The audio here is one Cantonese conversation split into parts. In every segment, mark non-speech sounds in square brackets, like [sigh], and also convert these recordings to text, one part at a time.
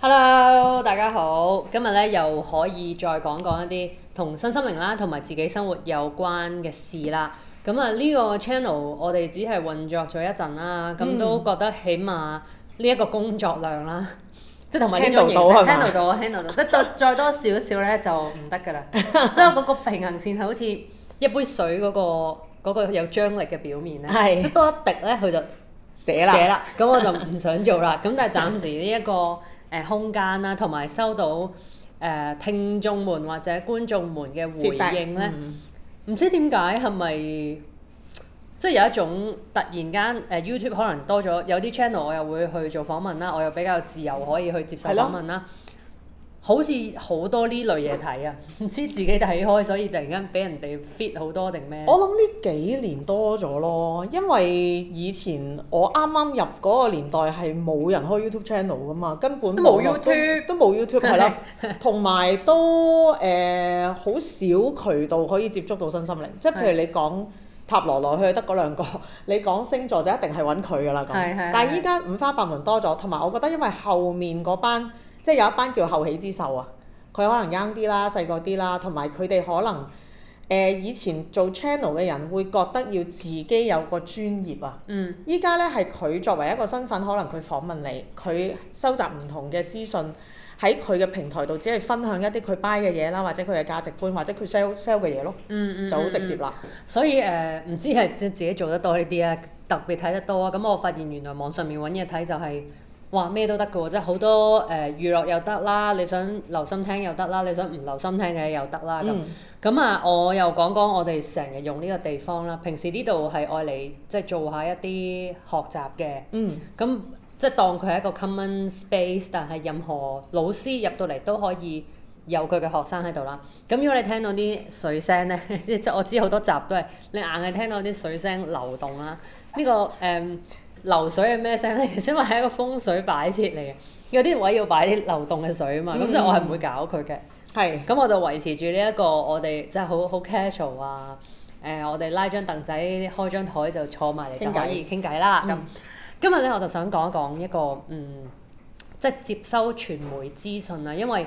Hello，大家好，今日咧又可以再講講一啲同身心靈啦，同埋自己生活有關嘅事啦。咁、嗯、啊，呢個 channel 我哋只係運作咗一陣啦，咁都覺得起碼呢一個工作量啦，即係同埋呢種形式 handle 到 handle 到，即 [laughs] 再多少少咧就唔得㗎啦。即係嗰個平衡線係好似一杯水嗰、嗰個嗰個有張力嘅表面咧，一是多一滴咧佢就寫啦，咁了 [laughs] 我就唔想做啦。咁但係暫時呢一個。 [laughs] [laughs] 誒、呃、空間啦，同埋收到誒、呃、聽眾們或者觀眾們嘅回應咧，唔、嗯、知點解係咪即係有一種突然間誒、呃、YouTube 可能多咗，有啲 channel 我又會去做訪問啦，我又比較自由可以去接受訪問啦。好似好多呢類嘢睇啊，唔知自己睇開，所以突然間俾人哋 fit 好多定咩？我諗呢幾年多咗咯，因為以前我啱啱入嗰個年代係冇人開 YouTube channel 㗎嘛，根本冇 YouTube 都冇 YouTube 係啦，同埋都誒好的的、呃、少渠道可以接觸到新心靈，即係譬如你講塔羅來去得嗰兩個，你講星座就一定係揾佢㗎啦。係的但係依家五花八門多咗，同埋我覺得因為後面嗰班。即係有一班叫後起之秀啊，佢可能 young 啲啦，細個啲啦，同埋佢哋可能誒、呃、以前做 channel 嘅人會覺得要自己有個專業啊。嗯。依家咧係佢作為一個身份，可能佢訪問你，佢收集唔同嘅資訊喺佢嘅平台度，只係分享一啲佢 buy 嘅嘢啦，或者佢嘅價值觀，或者佢 sell sell 嘅嘢咯。嗯嗯，就好直接啦、嗯嗯。所以誒，唔、呃、知係即自己做得多呢啲啊，特別睇得多啊。咁我發現原來網上面揾嘢睇就係、是。哇！咩都得㗎喎，即係好多誒、呃、娛樂又得啦，你想留心聽又得啦，你想唔留心聽嘅又得啦咁。咁、嗯、啊，我又講講我哋成日用呢個地方啦。平時呢度係愛嚟即係做下一啲學習嘅。嗯。咁即係當佢係一個 common space，但係任何老師入到嚟都可以有佢嘅學生喺度啦。咁如果你聽到啲水聲咧，即 [laughs] 係我知好多集都係你硬係聽到啲水聲流動啦。呢、呢個誒。嗯流水係咩聲咧？因為係一個風水擺設嚟嘅，有啲位要擺啲流動嘅水啊嘛，咁即係我係唔會搞佢嘅。係是。咁我就維持住呢一個我哋即係好好 casual 啊，誒、呃，我哋拉張凳仔、開張台就坐埋嚟就可以傾偈啦。咁今日咧我就想講一講一個嗯，即係接收傳媒資訊啊，因為。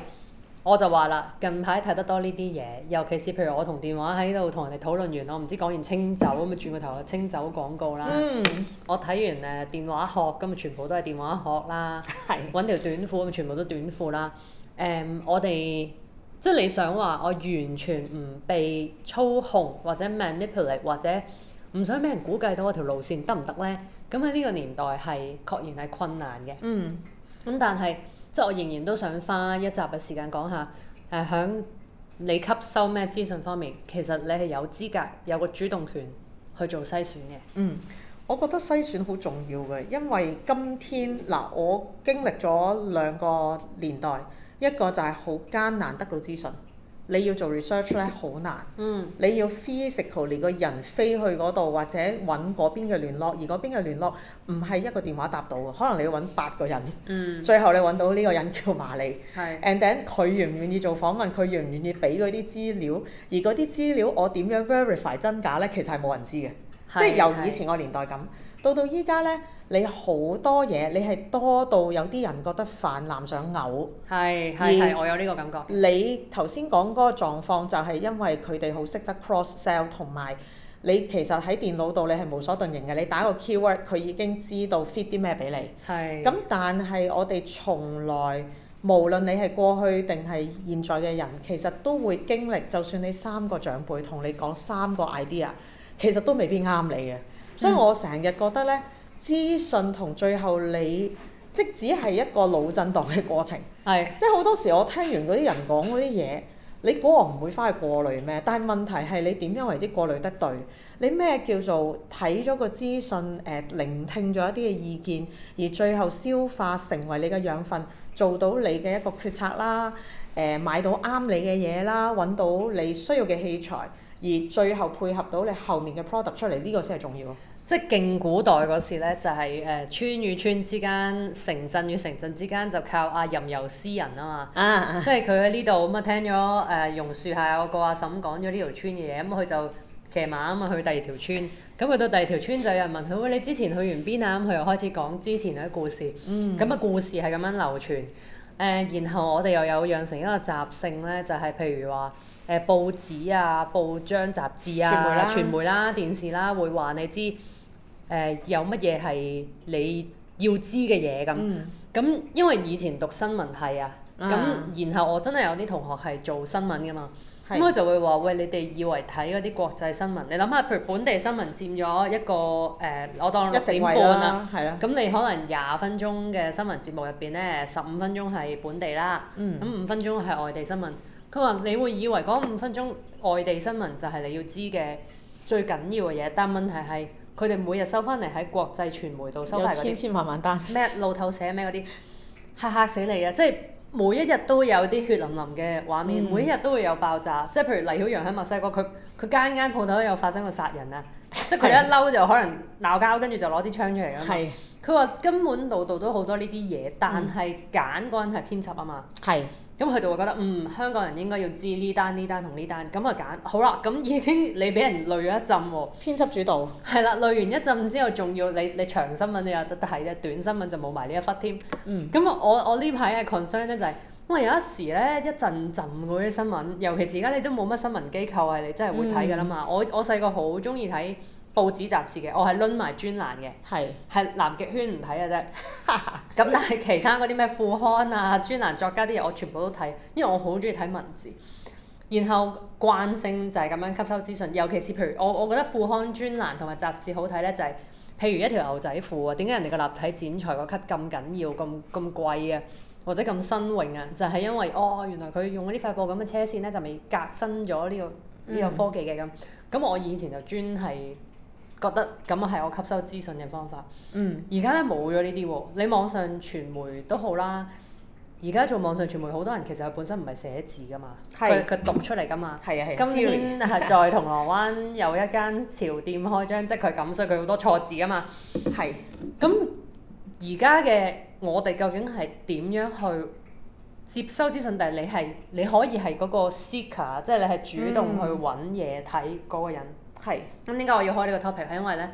我就話啦，近排睇得多呢啲嘢，尤其是譬如我同電話喺度同人哋討論完，我唔知講完清酒咁啊，轉個頭啊清酒廣告啦。嗯、我睇完誒電話殼，咁啊全部都係電話殼啦。係是。揾條短褲，咁全部都短褲啦。誒、嗯，我哋即係你想話，我完全唔被操控或者 manipulate，或者唔想俾人估計到我條路線得唔得呢？咁喺呢個年代係確然係困難嘅、嗯嗯。嗯。咁但係。即係我仍然都想花一集嘅時間講下，誒、呃、響你吸收咩資訊方面，其實你係有資格有個主動權去做篩選嘅。嗯，我覺得篩選好重要嘅，因為今天嗱、呃、我經歷咗兩個年代，一個就係好艱難得到資訊。你要做 research 咧好難，嗯、你要 physical，你個人飛去嗰度或者揾嗰邊嘅聯絡，而嗰邊嘅聯絡唔係一個電話答到嘅，可能你要揾八個人，嗯、最後你揾到呢個人叫瑪麗 and then 佢願唔願意做訪問，佢願唔願意俾嗰啲資料，而嗰啲資料我點樣 verify 真假呢？其實係冇人知嘅，是即係由以前個年代咁，到到依家呢。你好多嘢，你係多到有啲人覺得泛濫想嘔。係係係，我有呢個感覺。你頭先講嗰個狀況，就係因為佢哋好識得 cross sell，同埋你其實喺電腦度你係無所遁形嘅。你打個 keyword，佢已經知道 fit 啲咩俾你。係。咁但係我哋從來無論你係過去定係現在嘅人，其實都會經歷。就算你三個長輩同你講三個 idea，其實都未必啱你嘅。所以我成日覺得呢。嗯資訊同最後你，即只係一個腦震盪嘅過程。係。即好多時我聽完嗰啲人講嗰啲嘢，你估我唔會翻去過濾咩？但係問題係你點樣為之過濾得對？你咩叫做睇咗個資訊？誒，聆聽咗一啲嘅意見，而最後消化成為你嘅養分，做到你嘅一個決策啦。誒，買到啱你嘅嘢啦，揾到你需要嘅器材，而最後配合到你後面嘅 product 出嚟，呢個先係重要。即係勁古代嗰時咧，就係誒村與村之間、城鎮與城鎮之間，就靠阿吟遊詩人啊嘛。啊即係佢喺呢度咁啊，聽咗誒榕樹下個阿嬸講咗呢條村嘅嘢，咁佢就騎馬啊嘛去第二條村。咁去到第二條村就有人問佢：喂，你之前去完邊啊？咁佢又開始講之前嘅故事。咁啊，故事係咁樣流傳。誒，然後我哋又有養成一個習性咧，就係譬如話誒報紙啊、報章雜誌啊、傳媒啦、電視啦，會話你知。誒、呃、有乜嘢係你要知嘅嘢咁咁，嗯、因為以前讀新聞係啊，咁、嗯、然後我真係有啲同學係做新聞噶嘛，咁佢、嗯、就會話：喂，你哋以為睇嗰啲國際新聞，你諗下，譬如本地新聞佔咗一個誒、呃，我當、啊、一點半啦，係啦，咁你可能廿分鐘嘅新聞節目入邊咧，十五分鐘係本地啦，咁五、嗯、分鐘係外地新聞。佢話你會以為嗰五分鐘外地新聞就係你要知嘅最緊要嘅嘢，但問題係。佢哋每日收翻嚟喺國際傳媒度收，有千千萬萬單。咩路透社咩嗰啲，嚇嚇死你啊！即係每一日都有啲血淋淋嘅畫面，嗯、每一日都會有爆炸。即係譬如黎曉陽喺墨西哥，佢佢間間鋪頭都有發生過殺人啊！是即係佢一嬲就可能鬧交，跟住就攞支槍出嚟啊是嘛。佢話根本度度都好多呢啲嘢，但係揀嗰人係編輯啊嘛。咁佢就會覺得嗯，香港人應該要知呢單呢單同呢單，咁啊揀好啦，咁已經你俾人累咗一陣喎。編輯主導。係啦，累完一陣之後，仲要你你長新聞你有得睇啫，短新聞就冇埋呢一忽添、嗯就是。嗯。咁啊，我我呢排嘅 concern 咧就係，因為有一時咧一陣陣嗰啲新聞，尤其是而家你都冇乜新聞機構係你真係會睇㗎啦嘛。嗯、我我細個好中意睇。報紙雜誌嘅，我係輪埋專欄嘅，係是南極圈唔睇嘅啫。咁 [laughs] 但係其他嗰啲咩副刊啊、專欄作家啲嘢，我全部都睇，因為我好中意睇文字。然後慣性就係咁樣吸收資訊，尤其是譬如我我覺得副刊專欄同埋雜誌好睇呢，就係、是、譬如一條牛仔褲啊，點解人哋個立體剪裁個 cut 咁緊要、咁咁貴啊，或者咁新穎啊？就係、是、因為哦，原來佢用嗰啲塊布咁嘅車線呢，就未革新咗呢個呢、這個科技嘅咁。咁、嗯、我以前就專係。覺得咁啊係我吸收資訊嘅方法。嗯，而家咧冇咗呢啲喎，你網上傳媒都好啦。而家做網上傳媒，好多人其實佢本身唔係寫字噶嘛，佢佢係讀出嚟噶嘛。係啊係。今年天係 series 在銅鑼灣有一間潮店開張，即係佢咁，所以佢好多錯字噶嘛。係係。咁而家嘅我哋究竟係點樣去接收資訊？但係你係你可以係嗰個 seeker，即係你係主動去揾嘢睇嗰個人。嗯係，咁點解我要開呢個 topic？係因為咧，誒、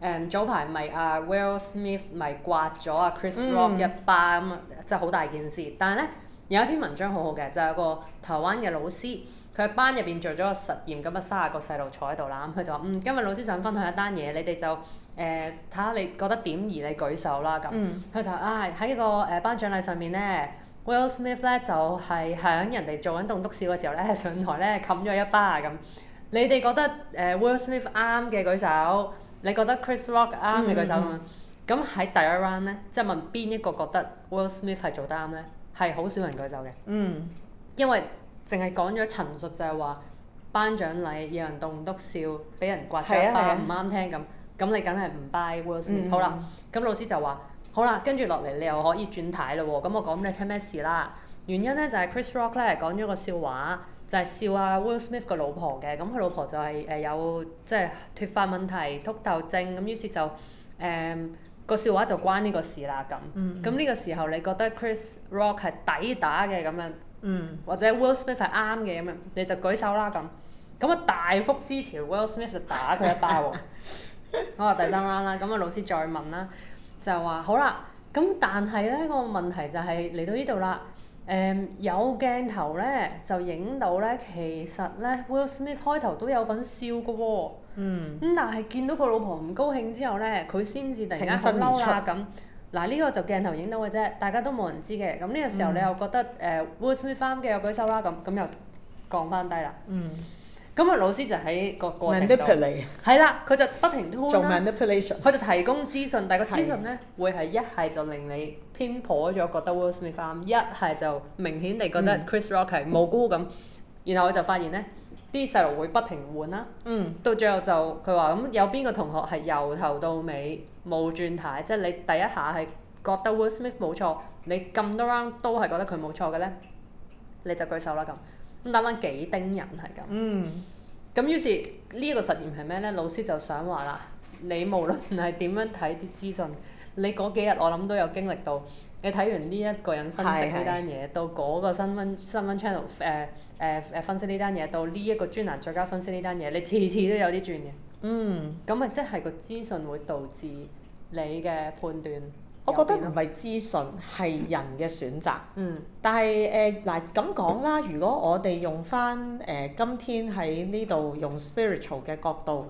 嗯、早排咪阿 Will Smith 咪刮咗阿 Chris Rock 一巴咁啊，即係好大件事。但係咧有一篇文章好好嘅，就係、有、個台灣嘅老師，佢喺班入邊做咗個實驗咁啊，三十個細路坐喺度啦，咁佢就話：嗯，今日老師想分享一單嘢，你哋就誒睇下你覺得點而你舉手啦咁。佢、嗯、就啊喺呢個誒頒獎禮上面咧，Will Smith 咧就係、是、響人哋做緊棟篤笑嘅時候咧上台咧冚咗一巴啊咁。你哋覺得誒 Will Smith 啱嘅舉手，你覺得 Chris Rock 啱嘅舉手，咁喺、嗯、第一 round 咧，即係問邊一個覺得 Will Smith 係做得啱咧，係好少人舉手嘅。嗯，因為淨係講咗陳述就係話頒獎禮有人棟篤笑，俾、嗯、人刮嘴巴唔啱聽咁，咁你梗係唔 buy Will Smith。嗯、好啦，咁老師就話好啦，跟住落嚟你又可以轉睇嘞喎，咁我講你聽咩事啦？原因咧就係 Chris Rock 咧講咗個笑話。就係笑啊，Will Smith 個老婆嘅，咁佢老婆就係、是、誒、呃、有即係脫髮問題、禿頭症，咁於是就誒個、呃、笑話就關呢個事啦咁。咁呢、嗯嗯、個時候你覺得 Chris Rock 係抵打嘅咁樣，嗯、或者 Will Smith 係啱嘅咁樣，你就舉手啦咁。咁啊大幅支持 Will Smith 就打佢一巴喎。好啊。 [laughs] 第三 round 啦，咁啊老師再問啦，就話好啦，咁但係咧、那個問題就係嚟到呢度啦。誒、um，有鏡頭咧就影到咧，其實咧 Will Smith 開頭都有份笑嘅喎、哦。嗯。咁但係見到佢老婆唔高興之後咧，佢先至突然間好嬲啦咁。嗱、這、呢個就鏡頭影到嘅啫，大家都冇人知嘅。咁呢個時候你又覺得誒 Will Smith 啱嘅，又、呃、舉手啦咁，咁又降翻低啦。嗯。咁啊，老師就喺個過程度係啦，佢 ip 就不停操啦，佢就提供資訊，但係個資訊咧會係一係就令你偏頗咗覺得 Will Smith 啱，一係就明顯地覺得 Chris Rock 係無辜咁。嗯、然後我就發現咧，啲細路會不停換啦。嗯。到最後就佢話：咁有邊個同學係由頭到尾冇轉軚，即係、就是、你第一下係覺得 Will Smith 冇錯，你咁多 round 都係覺得佢冇錯嘅咧？你就舉手啦咁。咁打翻幾丁人係咁，咁、嗯、於是呢、呢個實驗係咩咧？老師就想話啦，你無論係點樣睇啲資訊，你嗰幾日我諗都有經歷到，你睇完呢一個人分析呢單嘢，到嗰個新聞新聞 channel 誒誒誒分析呢單嘢，到呢一個專欄再加分析呢單嘢，你次次都有啲轉嘅。嗯，咁咪，即係個資訊會導致你嘅判斷。我覺得唔係資訊，係人嘅選擇。嗯，但。但係誒嗱咁講啦，如果我哋用翻誒、呃、今天喺呢度用 spiritual 嘅角度，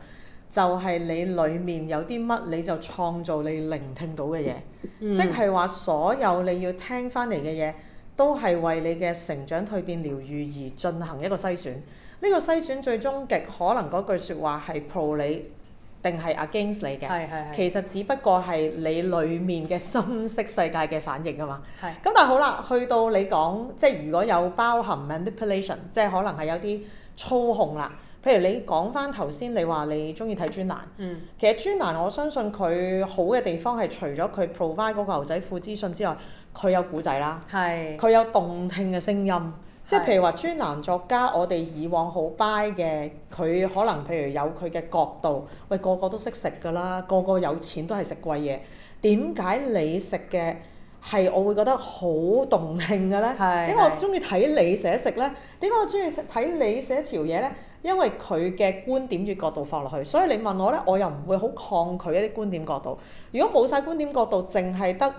就係、係、你裡面有啲乜，你就創造你聆聽到嘅嘢。嗯、即係話所有你要聽翻嚟嘅嘢，都係為你嘅成長、蛻變、療愈而進行一個篩選。呢、呢個篩選最終極可能嗰句説話係 pro 你，定係 against 你嘅，係係係其實只不過係你裡面嘅深色世界嘅反應啊嘛。咁是是 但係好啦，去到你講，即係如果有包含 manipulation，即係可能係有啲操控啦。譬如你講翻頭先，你話你中意睇專欄。嗯。其實專欄，我相信佢好嘅地方係除咗佢 provide 嗰個牛仔褲資訊之外，佢有古仔啦。係。佢有動聽嘅聲音。即係譬如話專欄作家，我哋以往好 buy 嘅，佢可能譬如有佢嘅角度，喂個個都識食㗎啦，個個有錢都係食貴嘢，點解你食嘅係我會覺得好動聽㗎咧？點解是是 我中意睇你寫食咧，點解我中意睇你寫潮嘢咧？因為佢嘅觀點與角度放落去，所以你問我咧，我又唔會好抗拒一啲觀點角度。如果冇晒觀點角度，淨係得，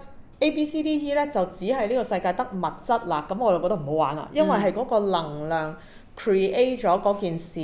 A、B、C、D、E 咧就只係呢個世界得物質啦，咁我就覺得唔好玩啦，因為係嗰個能量 create 咗嗰件事。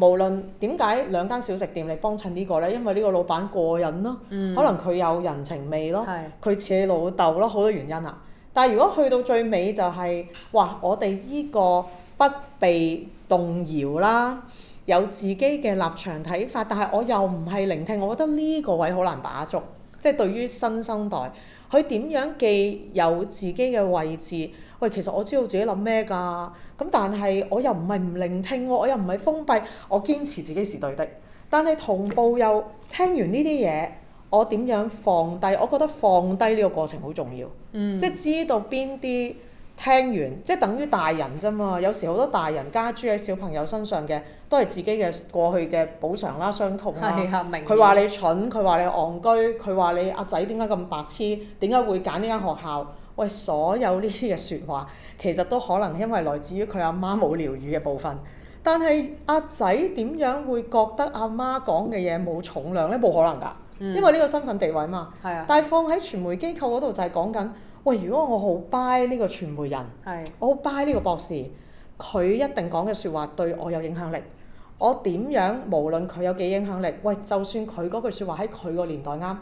嗯、無論點解兩間小食店嚟幫襯呢個呢，因為呢個老闆過癮咯，嗯、可能佢有人情味咯，佢似你老豆咯，好多原因啊。但係如果去到最尾就係、是，哇！我哋呢個不被動搖啦，有自己嘅立場睇法，但係我又唔係聆聽，我覺得呢個位好難把捉，即係對於新生代。佢點樣既有自己嘅位置？喂，其實我知道自己諗咩㗎。咁但係我又唔係唔聆聽，我又唔係封閉，我堅持自己是對的。但係同步又聽完呢啲嘢，我點樣放低？我覺得放低呢個過程好重要。嗯。即係知道邊啲。聽完即係等於大人啫嘛，有時好多大人加諸喺小朋友身上嘅，都係自己嘅過去嘅補償啦、傷痛啦。佢話、啊、你蠢，佢話你戇居，佢話你阿仔點解咁白痴？點解會揀呢間學校？喂，所有呢啲嘅説話，其實都可能因為來自於佢阿媽冇療癒嘅部分。但係阿仔點樣會覺得阿媽講嘅嘢冇重量呢？冇可能㗎，嗯、因為呢個身份地位嘛。啊、但係放喺傳媒機構嗰度就係講緊。喂，如果我好 buy 呢個傳媒人，是我好 buy 呢個博士，佢、嗯、一定講嘅説話對我有影響力。我點樣無論佢有幾影響力，喂，就算佢嗰句説話喺佢個年代啱，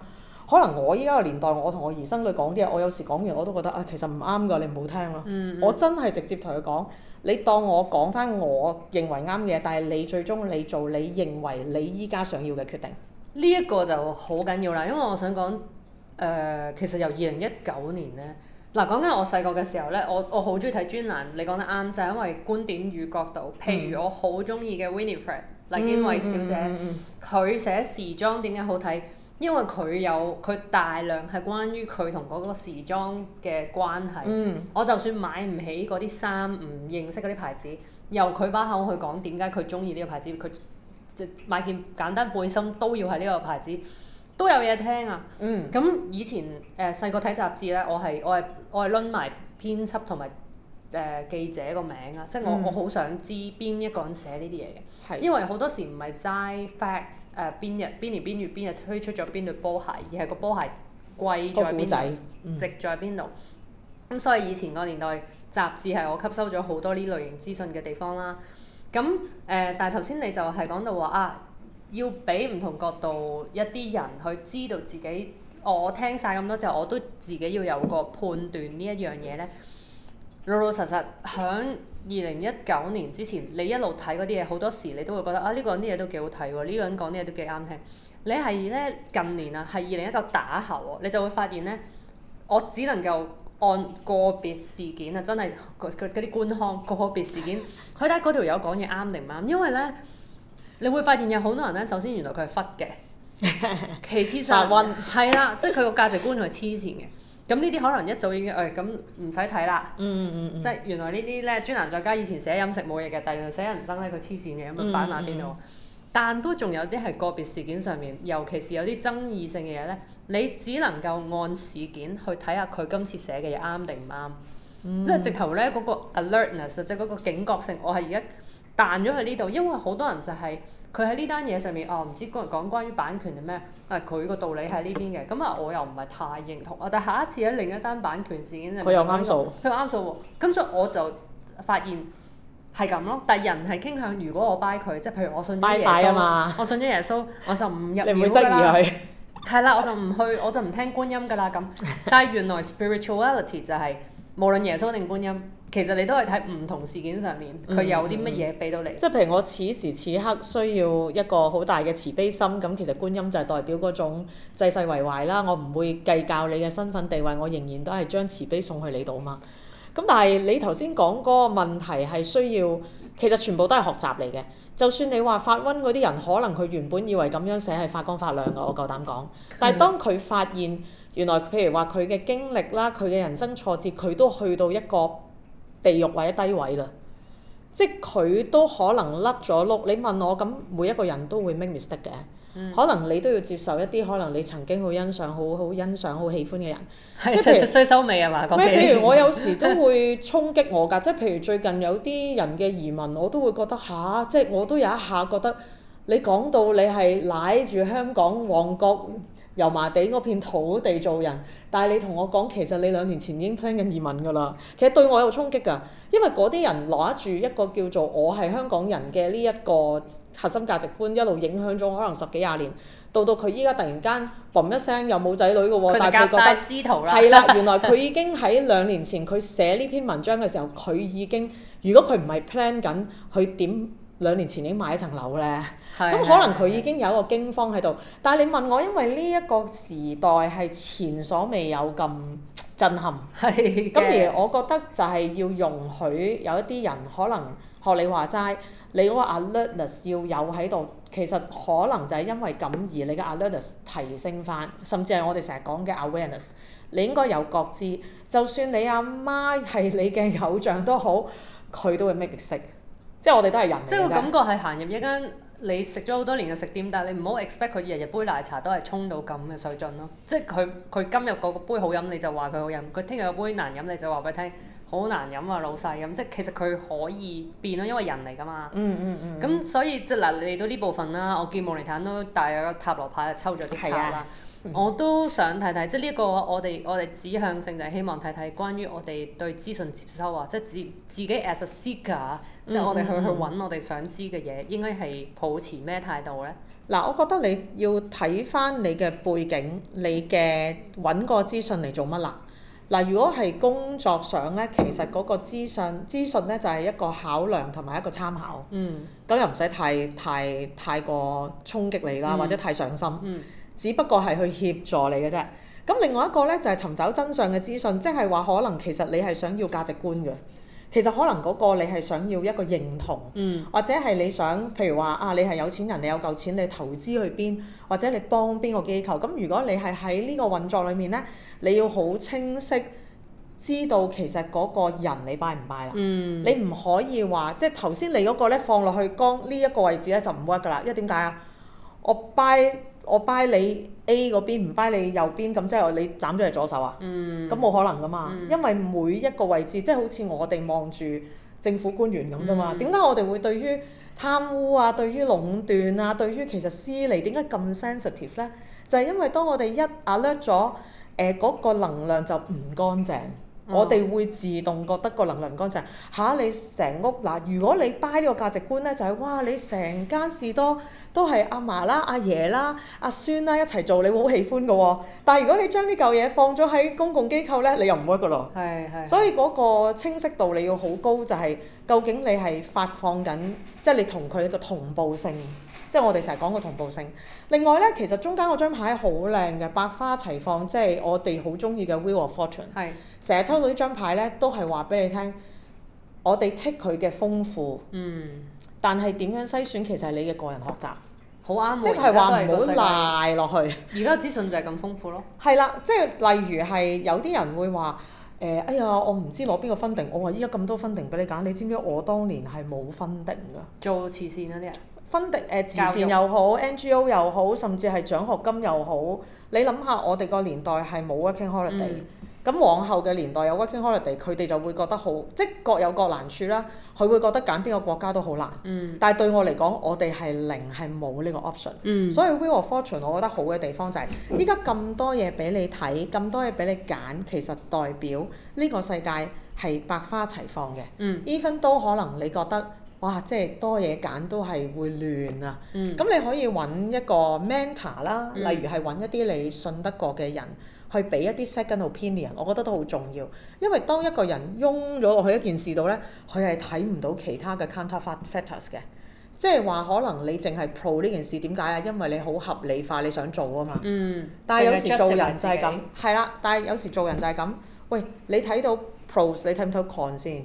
可能我依家個年代，我同我兒生女講啲嘢，我有時講完我都覺得啊、哎，其實唔啱㗎，你唔好聽咯。嗯嗯，我真係直接同佢講，你當我講返我認為啱嘅，但係你最終你做你認為你依家想要嘅決定。呢一個就好緊要啦，因為我想講。誒、呃，其實由二零一九年咧，嗱、啊、講緊我細個嘅時候咧，我我好中意睇專欄。你講得啱，就係、是、因為觀點與角度。譬如我好中意嘅 Winifred，n e i n、嗯、黎堅惠小姐，佢、嗯嗯、寫時裝點解好睇，因為佢有佢大量係關於佢同嗰個時裝嘅關係。嗯、我就算買唔起嗰啲衫，唔認識嗰啲牌子，由佢把口去講點解佢中意呢個牌子，佢即係買件簡單背心都要係呢個牌子。都有嘢聽啊！咁、嗯、以前誒細個睇雜誌咧，我係我係我係論埋編輯同埋誒記者個名啊，嗯、即係我我好想知邊一個人寫呢啲嘢嘅，是因為好多時唔係齋 facts 誒、呃、邊日邊年邊月邊日推出咗邊對波鞋，而係個波鞋貴在邊度，嗯、值在邊度。咁所以以前個年代雜誌係我吸收咗好多呢類型資訊嘅地方啦。咁誒、呃，但係頭先你就係講到話啊。啊要俾唔同角度一啲人去知道自己，我聽晒咁多之後，我都自己要有個判斷一呢一樣嘢呢。老老實實響二零一九年之前，你一路睇嗰啲嘢，好多時你都會覺得啊，呢、呢個人啲嘢都幾好睇喎，呢、呢個人講啲嘢都幾啱聽。你係咧近年啊，係二零一九打後喎，你就會發現呢，我只能夠按個別事件啊，真係嗰啲官腔個別事件，佢睇嗰條友講嘢啱定唔啱，因為呢。你會發現有好多人咧，首先原來佢係忽嘅， [laughs] 其次上係啦，即係佢個價值觀仲係黐線嘅。咁呢啲可能一早已經誒咁唔使睇啦，哎嗯嗯、即係原來呢啲咧專欄作家以前寫飲食冇嘢嘅，第二就寫人生咧佢黐線嘅咁咪擺埋喺邊度。嗯嗯、但都仲有啲係個別事件上面，尤其是有啲爭議性嘅嘢咧，你只能夠按事件去睇下佢今次寫嘅嘢啱定唔啱，嗯、即係直頭咧嗰個 alertness 即係嗰個警覺性，我係而家。彈咗去呢度，因為好多人就係佢喺呢單嘢上面哦，唔知講講關於版權係咩？啊，佢個道理喺呢邊嘅，咁、嗯、啊我又唔係太認同啊。但下一次喺另一單版權事件佢又啱數，佢又啱數。咁所以我就發現係咁咯。但人係傾向，如果我 buy 佢，即係譬如我信咗耶穌，拜我信咗耶穌，我就唔入廟啦。你唔會質疑佢？係啦， [laughs] 我就唔去，我就唔聽觀音㗎啦。咁，但係原來 spirituality 就係、是、無論耶穌定觀音。其實你都係睇唔同事件上面，佢有啲乜嘢俾到你。嗯嗯、即係譬如我此時此刻需要一個好大嘅慈悲心，咁其實觀音就係代表嗰種濟世為懷啦。我唔會計較你嘅身份地位，我仍然都係將慈悲送去你度啊嘛。咁但係你頭先講嗰個問題係需要，其實全部都係學習嚟嘅。就算你話發瘟嗰啲人，可能佢原本以為咁樣寫係發光發亮嘅，我夠膽講。但係當佢發現原來譬如話佢嘅經歷啦，佢嘅人生挫折，佢都去到一個地獄或者低位啦，即佢都可能甩咗碌。你問我咁，每一個人都會 make mistake 嘅，嗯、可能你都要接受一啲可能你曾經好欣賞好好欣賞好喜歡嘅人，即係其實衰收尾啊嘛？咩起？譬如我有時都會衝擊我㗎，即係 [laughs] 譬如最近有啲人嘅移民，我都會覺得吓、啊，即係我都有一下覺得你講到你係舐住香港旺角。油麻地嗰片土地做人，但係你同我講，其實你兩年前已經 plan 緊移民㗎啦。其實對我有衝擊㗎，因為嗰啲人攞住一個叫做我係香港人嘅呢一個核心價值觀，一路影響咗我可能十幾廿年。到到佢依家突然間，嘣一聲又冇仔女㗎喎，但係佢覺得係啦， [laughs] 原來佢已經喺兩年前佢寫呢篇文章嘅時候，佢 [laughs] 已經如果佢唔係 plan 緊，佢點？兩年前已經買一層樓咧，咁是的 可能佢已經有一個驚慌喺度。是的 但係你問我，因為呢一個時代係前所未有咁震撼，咁是的 而我覺得就係要容許有一啲人可能學你話齋，你嗰個 alertness 要有喺度。其實可能就係因為咁而你嘅 alertness 提升翻，甚至係我哋成日講嘅 awareness，你應該有覺知。就算你阿媽係你嘅偶像都好，佢都會 make y 即係我哋都係人嚟嘅，即係個感覺係行入一間你食咗好多年嘅食店，但係你唔好 expect 佢日日杯奶茶都係沖到咁嘅水準咯。即係佢佢今日個杯好飲，你就話佢好飲；佢聽日個杯難飲，你就話佢聽，好難飲啊老細咁。即係其實佢可以變咯，因為人嚟㗎嘛。嗯嗯嗯，嗯。咁所以即係嗱嚟到呢部分啦，我見夢妮妲都帶咗個塔羅牌抽咗啲茶啦。我都想睇睇，即係呢個我哋我哋指向性就係希望睇睇關於我哋對資訊接收啊，即係自自己 as a seeker，即係、嗯、我哋去去揾我哋想知嘅嘢，嗯、應該係抱持咩態度咧？嗱，我覺得你要睇翻你嘅背景，你嘅揾個資訊嚟做乜啦？嗱，如果係工作上咧，其實嗰個資訊資訊咧就係一個考量同埋一個參考。嗯。咁又唔使太太太過衝擊你啦，嗯、或者太上心。嗯。嗯。只不過係去協助你嘅啫。咁另外一個呢，就係、是、尋找真相嘅資訊，即係話可能其實你係想要價值觀嘅。其實可能嗰個你係想要一個認同，嗯、或者係你想，譬如話啊，你係有錢人，你有嚿錢，你投資去邊，或者你幫邊個機構。咁如果你係喺呢個運作裏面呢，你要好清晰知道其實嗰個人你拜唔拜啦。嗯、你唔可以話即係頭先你嗰個咧放落去剛呢一個位置咧就唔 work 㗎啦，因為點解啊？我拜。我掰你 A 嗰邊，唔掰你右邊，咁即係你斬咗係左手啊？咁冇、嗯、可能噶嘛？嗯、因為每一個位置，即係好似我哋望住政府官員咁啫嘛。點解、嗯、我哋會對於貪污啊、對於壟斷啊、對於其實私利，點解咁 sensitive 呢？就係、是、因為當我哋一 alert 咗，誒、呃、嗰、嗰個能量就唔乾淨。嗯、我哋會自動覺得個能量乾淨嚇，你成屋嗱、啊，如果你 buy 呢個價值觀咧，就係、是、哇，你成間士多都係阿嫲啦、阿爺啦、阿孫啦一齊做，你會好喜歡嘅喎、哦。但係如果你將呢嚿嘢放咗喺公共機構咧，你又唔會㗎咯。係係是。所以嗰個清晰度你要好高、就是，就係究竟你係發放緊，即、就、係、是、你同佢一個同步性。即係我哋成日講個同步性。另外咧，其實中間嗰張牌好靚嘅，百花齊放。即係我哋好中意嘅 Wheel of Fortune。係。成日抽到呢張牌咧，都係話俾你聽，我哋剔佢嘅豐富。嗯。但係點樣篩選，其實係你嘅個人學習。好啱。即係話唔好賴落去。而家資訊就係咁豐富咯。係啦、嗯，即係例如係有啲人會話誒、呃，哎呀，我唔知攞邊個分定。我話依家咁多分定俾你揀，你知唔知我當年係冇分定㗎？做慈善嗰啲人。分迪，誒慈善又好 NGO 又好，甚至係獎學金又好。你諗下，我哋個年代係冇 working holiday 咁、嗯、往後嘅年代有 working holiday 佢哋就會覺得好，即各有各難處啦。佢會覺得揀邊個國家都好難。嗯、但係對我嚟講，我哋係零係冇呢個 option。嗯、所以 Wealth Fortune 我覺得好嘅地方就係、是，依家咁多嘢俾你睇，咁、嗯、多嘢俾你揀，其實代表呢個世界係百花齊放嘅。嗯、even 都可能你覺得。哇！即係多嘢揀都係會亂啊。咁、嗯、你可以揾一個 mentor 啦，嗯、例如係揾一啲你信得過嘅人去俾一啲 second opinion，我覺得都好重要。因為當一個人擁咗落去一件事度呢，佢係睇唔到其他嘅 counter factors 嘅。即係話可能你淨係 pro 呢件事點解啊？因為你好合理化你想做啊嘛。嗯。但係有時做人就係咁。係啦、嗯，但係有時做人就係咁。喂，你睇到 p r o 你睇唔睇到 con 先？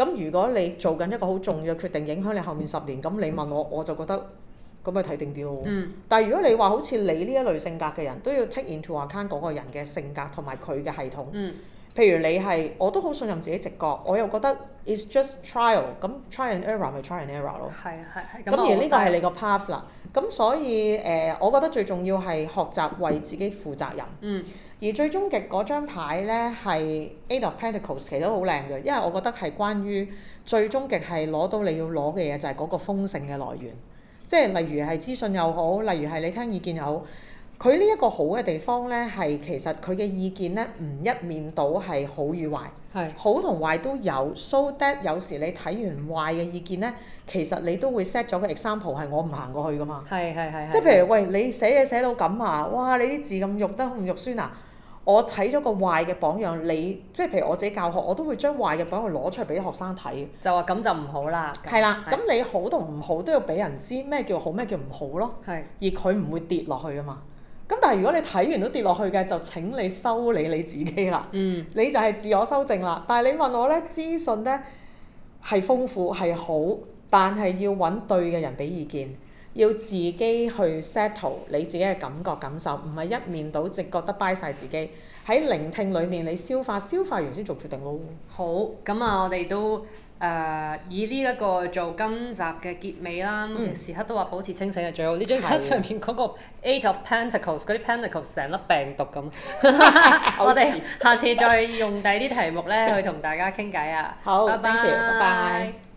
咁如果你做緊一個好重要嘅決定，影響你後面十年，咁你問我，我就覺得咁咪睇定啲喎。嗯。但係如果你話好似你呢一類性格嘅人都要 take into account 嗰個人嘅性格同埋佢嘅系統。嗯。譬如你係我都好信任自己直覺，我又覺得 it's just trial，咁 try and error 咪 try and error 咯。係係係。咁而呢個係你個 path 啦。咁是所以誒、呃，我覺得最重要係學習為自己負責任。嗯。而最終極嗰張牌咧係 Eight of Pentacles，其實都好靚嘅，因為我覺得係關於最終極係攞到你要攞嘅嘢，就係嗰個豐盛嘅來源。即係例如係資訊又好，例如係你聽意見又好。佢呢一個好嘅地方咧，係其實佢嘅意見咧，唔一面倒係好與壞，是好同壞都有。So that 有時你睇完壞嘅意見咧，其實你都會 set 咗個 example 係我唔行過去㗎嘛。係係係。即係譬如喂，你寫嘢寫到咁啊，哇！你啲字咁肉得咁肉酸啊！我睇咗個壞嘅榜樣，你即係譬如我自己教學，我都會將壞嘅榜樣攞出嚟俾學生睇。就話咁就唔好啦。係啦是，咁你好同唔好都要俾人知咩叫好，咩叫唔好咯。係是。而佢唔會跌落去㗎嘛。咁但係如果你睇完都跌落去嘅，就請你修理你自己啦。嗯，你就係自我修正啦。但係你問我呢，資訊呢係豐富係好，但係要揾對嘅人俾意見，要自己去 settle 你自己嘅感覺感受，唔係一面倒，直覺得掰晒自己。喺聆聽裏面，你消化消化完先做決定咯。好，咁啊，我哋都。嗯誒、uh, 以呢一個做今集嘅結尾啦，嗯、其實時刻都話保持清醒係最好。呢、嗯、張卡上面嗰個 Eight of Pentacles 嗰啲 Pentacles 成粒病毒咁，我哋下次再用第啲題目咧 [laughs] 去同大家傾偈啊！好，拜拜 bye，拜拜。